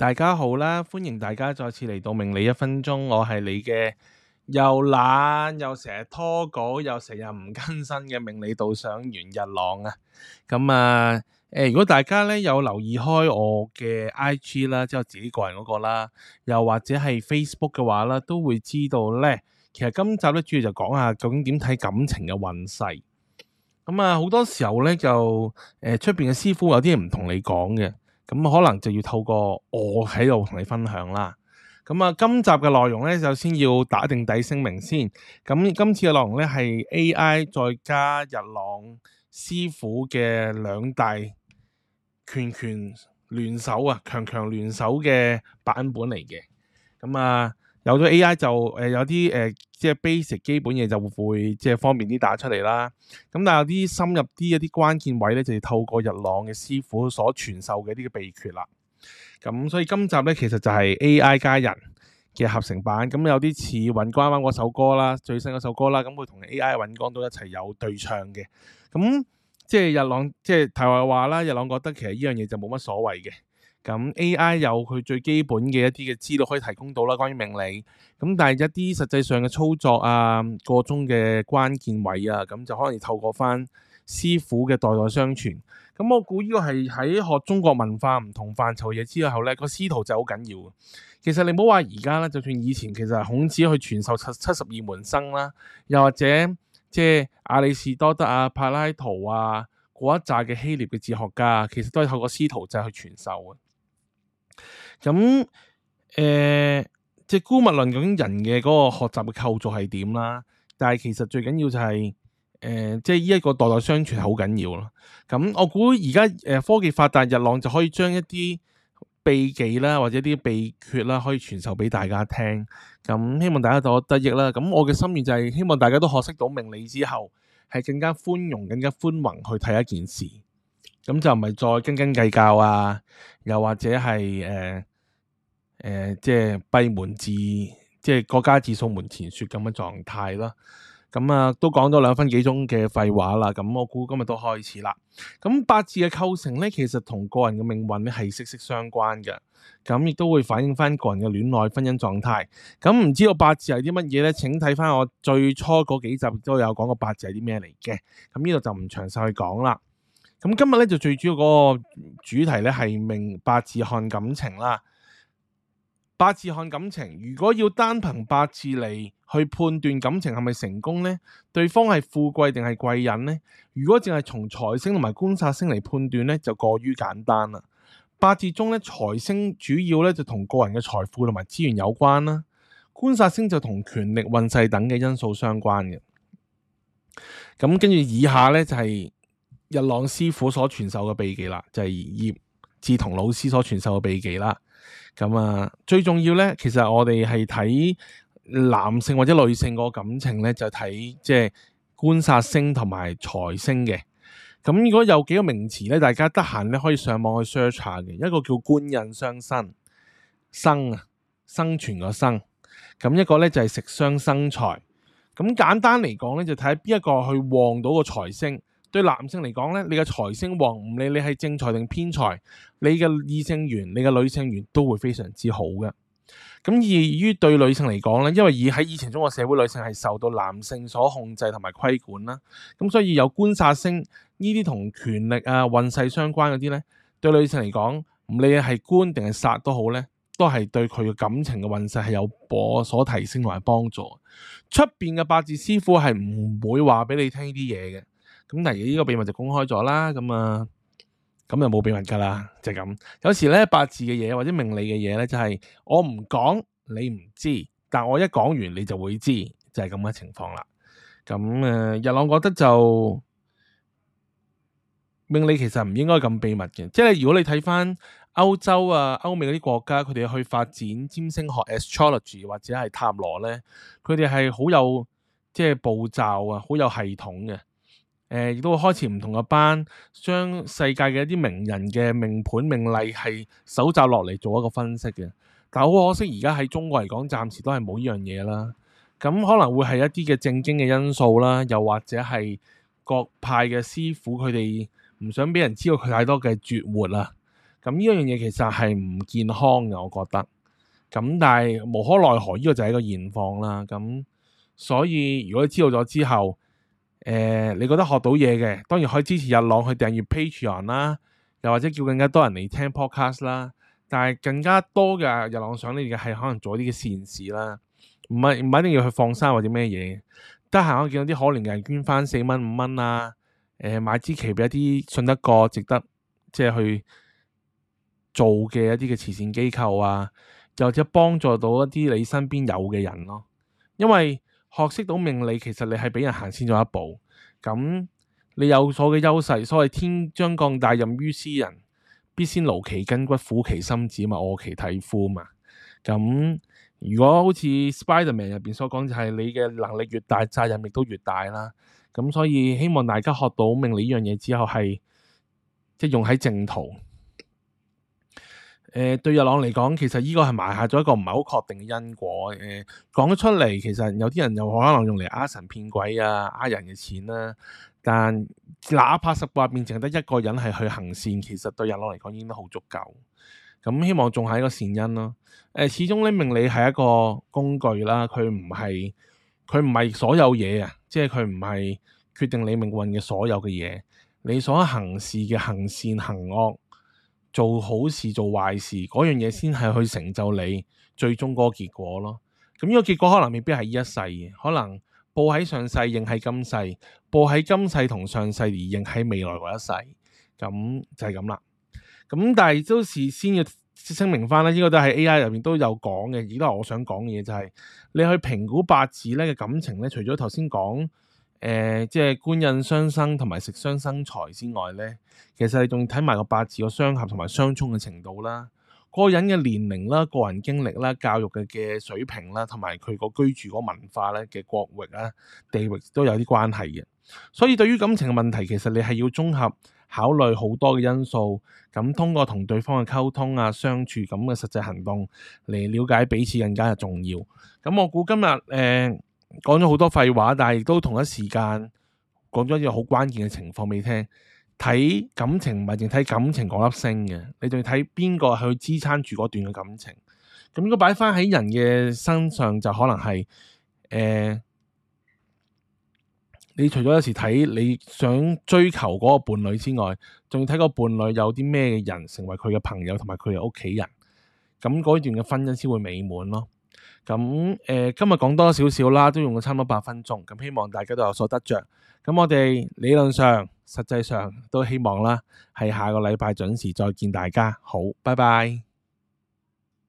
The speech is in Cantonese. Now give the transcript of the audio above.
大家好啦，歡迎大家再次嚟到命理一分鐘，我係你嘅又懶又成日拖稿又成日唔更新嘅命理道上袁日朗啊！咁啊，誒，如果大家咧有留意開我嘅 I G 啦，即係我自己個人嗰，那個啦，又或者係 Facebook 嘅話啦，都會知道咧，其實今集咧主要就講下究竟點睇感情嘅運勢。咁啊，好多時候咧就誒，出邊嘅師傅有啲嘢唔同你講嘅。咁可能就要透過我喺度同你分享啦。咁啊，今集嘅內容咧就先要打定底聲明先。咁今次嘅內容咧係 AI 再加日朗師傅嘅兩大拳拳聯手，強強聯手啊，強強聯手嘅版本嚟嘅。咁啊～有咗 AI 就誒、呃、有啲誒、呃、即係 basic 基本嘢就會即係方便啲打出嚟啦。咁但係有啲深入啲一啲關鍵位咧，就要、是、透過日朗嘅師傅所傳授嘅呢個秘訣啦。咁、嗯、所以今集咧其實就係 AI 加人嘅合成版。咁、嗯、有啲似尹光嗰首歌啦，最新嗰首歌啦。咁會同 AI 尹光都一齊有對唱嘅。咁、嗯、即係日朗，即係題外話啦。日朗覺得其實呢樣嘢就冇乜所謂嘅。咁 A.I. 有佢最基本嘅一啲嘅資料可以提供到啦，關於命理。咁但係一啲實際上嘅操作啊，個中嘅關鍵位啊，咁就可以透過翻師傅嘅代代相傳。咁我估呢個係喺學中國文化唔同範疇嘢之後咧，個師徒就好緊要。其實你唔好話而家咧，就算以前其實孔子去傳授七七十二門生啦，又或者即係亞里士多德啊、柏拉圖啊嗰一紮嘅希臘嘅哲學家，其實都係透過師徒制去傳授嘅。咁，誒、嗯呃，即係姑勿論究竟人嘅嗰個學習嘅構造係點啦？但係其實最緊要就係，誒、呃，即係呢一個代代相傳係好緊要咯。咁、嗯、我估而家誒科技發達，日浪就可以將一啲秘技啦，或者啲秘訣啦，可以傳授俾大家聽。咁、嗯、希望大家都得益啦。咁、嗯、我嘅心願就係希望大家都學識到命理之後，係更加寬容、更加寬宏去睇一件事。咁就唔係再斤斤計較啊，又或者係誒誒，即係閉門自，即係各家自掃門前雪咁嘅狀態咯。咁、嗯、啊，都講咗兩分幾鐘嘅廢話啦。咁、嗯、我估今日都開始啦。咁、嗯、八字嘅構成咧，其實同個人嘅命運咧係息息相關嘅。咁、嗯、亦都會反映翻個人嘅戀愛、婚姻狀態。咁、嗯、唔知個八字係啲乜嘢咧？請睇翻我最初嗰幾集都有講過八字係啲咩嚟嘅。咁呢度就唔詳細去講啦。咁今日咧就最主要嗰個主題咧係命八字看感情啦。八字看感情，如果要單憑八字嚟去判斷感情係咪成功呢？對方係富貴定係貴人呢？如果淨係從財星同埋官煞星嚟判斷呢，就過於簡單啦。八字中咧，財星主要咧就同個人嘅財富同埋資源有關啦，官煞星就同權力運勢等嘅因素相關嘅。咁跟住以下咧就係、是。日朗師傅所傳授嘅秘技啦，就係葉志同老師所傳授嘅秘技啦。咁、嗯、啊，最重要咧，其實我哋係睇男性或者女性個感情咧，就睇即係官煞星同埋財星嘅。咁、嗯、如果有幾個名詞咧，大家得閒咧可以上網去 search 下嘅，一個叫官印相生，生啊，生存個生。咁、嗯、一個咧就係食傷生財。咁、嗯、簡單嚟講咧，就睇邊一個去旺到個財星。對男性嚟講咧，你嘅財星旺，唔理你係正財定偏財，你嘅異性緣、你嘅女性緣都會非常之好嘅。咁而於對女性嚟講咧，因為以喺以前中國社會，女性係受到男性所控制同埋規管啦，咁所以有官煞星呢啲同權力啊、運勢相關嗰啲咧，對女性嚟講，唔理係官定係煞都好咧，都係對佢嘅感情嘅運勢係有所提升同埋幫助。出邊嘅八字師傅係唔會話俾你聽呢啲嘢嘅。咁但係呢個秘密就公開咗啦，咁啊，咁又冇秘密噶啦，就係、是、咁。有時咧八字嘅嘢，或者命理嘅嘢咧，就係、是、我唔講你唔知，但我一講完你就會知，就係咁嘅情況啦。咁誒，日朗覺得就命理其實唔應該咁秘密嘅，即係如果你睇翻歐洲啊、歐美嗰啲國家，佢哋去發展占星學 （astrology） 或者係塔羅咧，佢哋係好有即係、就是、步驟啊，好有系統嘅。誒，亦都會開始唔同嘅班，將世界嘅一啲名人嘅命盤命例係搜集落嚟做一個分析嘅。但好可惜，而家喺中國嚟講，暫時都係冇呢樣嘢啦。咁可能會係一啲嘅正經嘅因素啦，又或者係各派嘅師傅佢哋唔想俾人知道佢太多嘅絕活啦。咁呢樣嘢其實係唔健康嘅，我覺得。咁但係無可奈何，呢個就係一個現況啦。咁所以如果你知道咗之後，誒、呃，你覺得學到嘢嘅，當然可以支持日朗去訂閱 Patreon 啦，又或者叫更加多人嚟聽 podcast 啦。但係更加多嘅日朗想咧，而家係可能做一啲嘅善事啦，唔係唔係一定要去放生或者咩嘢。得閒可以見到啲可憐嘅人捐翻四蚊五蚊啊，誒、呃、買支旗俾一啲信得過、值得即係去做嘅一啲嘅慈善機構啊，又或者幫助到一啲你身邊有嘅人咯，因為。學識到命理，其實你係畀人行先咗一步，咁你有所嘅優勢。所謂天將降大任於斯人，必先勞其筋骨，苦其心志，嘛餓其體膚嘛。咁如果好似 Spiderman 入邊所講，就係、是、你嘅能力越大，責任亦都越大啦。咁所以希望大家學到命理一樣嘢之後，係、就、即、是、用喺正途。誒、呃，對日朗嚟講，其實呢個係埋下咗一個唔係好確定嘅因果。誒、呃，講得出嚟，其實有啲人又可能用嚟呃神騙鬼啊，呃人嘅錢啦、啊。但哪怕十卦面淨得一個人係去行善，其實對日朗嚟講已經都好足夠。咁、嗯、希望仲係一個善因咯、啊。誒、呃，始終咧命理係一個工具啦，佢唔係佢唔係所有嘢啊，即係佢唔係決定你命運嘅所有嘅嘢。你所行事嘅行善行惡。做好事做壞事嗰樣嘢先係去成就你最終嗰個結果咯。咁、嗯、呢、這個結果可能未必係呢一世嘅，可能報喺上世應喺今世，報喺今世同上世而應喺未來嗰一世。咁、嗯、就係咁啦。咁、嗯、但係都事先要聲明翻咧，呢個都係 A I 入面都有講嘅，而家我想講嘅嘢就係、是，你去以評估八字咧嘅感情咧，除咗頭先講。誒、呃，即係官印相生同埋食傷生財之外咧，其實你仲要睇埋個八字個相合同埋相沖嘅程度啦，個人嘅年齡啦、個人經歷啦、教育嘅嘅水平啦，同埋佢個居住個文化咧嘅國域啊地域都有啲關係嘅。所以對於感情嘅問題，其實你係要綜合考慮好多嘅因素，咁通過同對方嘅溝通啊、相處咁嘅實際行動嚟了解彼此更加嘅重要。咁我估今日誒。呃講咗好多廢話，但係亦都同一時間講咗一啲好關鍵嘅情況俾你聽。睇感情唔係淨睇感情嗰粒星嘅，你仲要睇邊個去支撐住嗰段嘅感情。咁、嗯、應該擺翻喺人嘅身上，就可能係誒、呃，你除咗有時睇你想追求嗰個伴侶之外，仲要睇個伴侶有啲咩嘅人成為佢嘅朋友同埋佢嘅屋企人，咁、嗯、嗰段嘅婚姻先會美滿咯。咁誒、呃，今日講多少少啦，都用咗差唔多八分鐘。咁希望大家都有所得着。咁我哋理論上、實際上都希望啦，係下個禮拜準時再見大家。好，拜拜。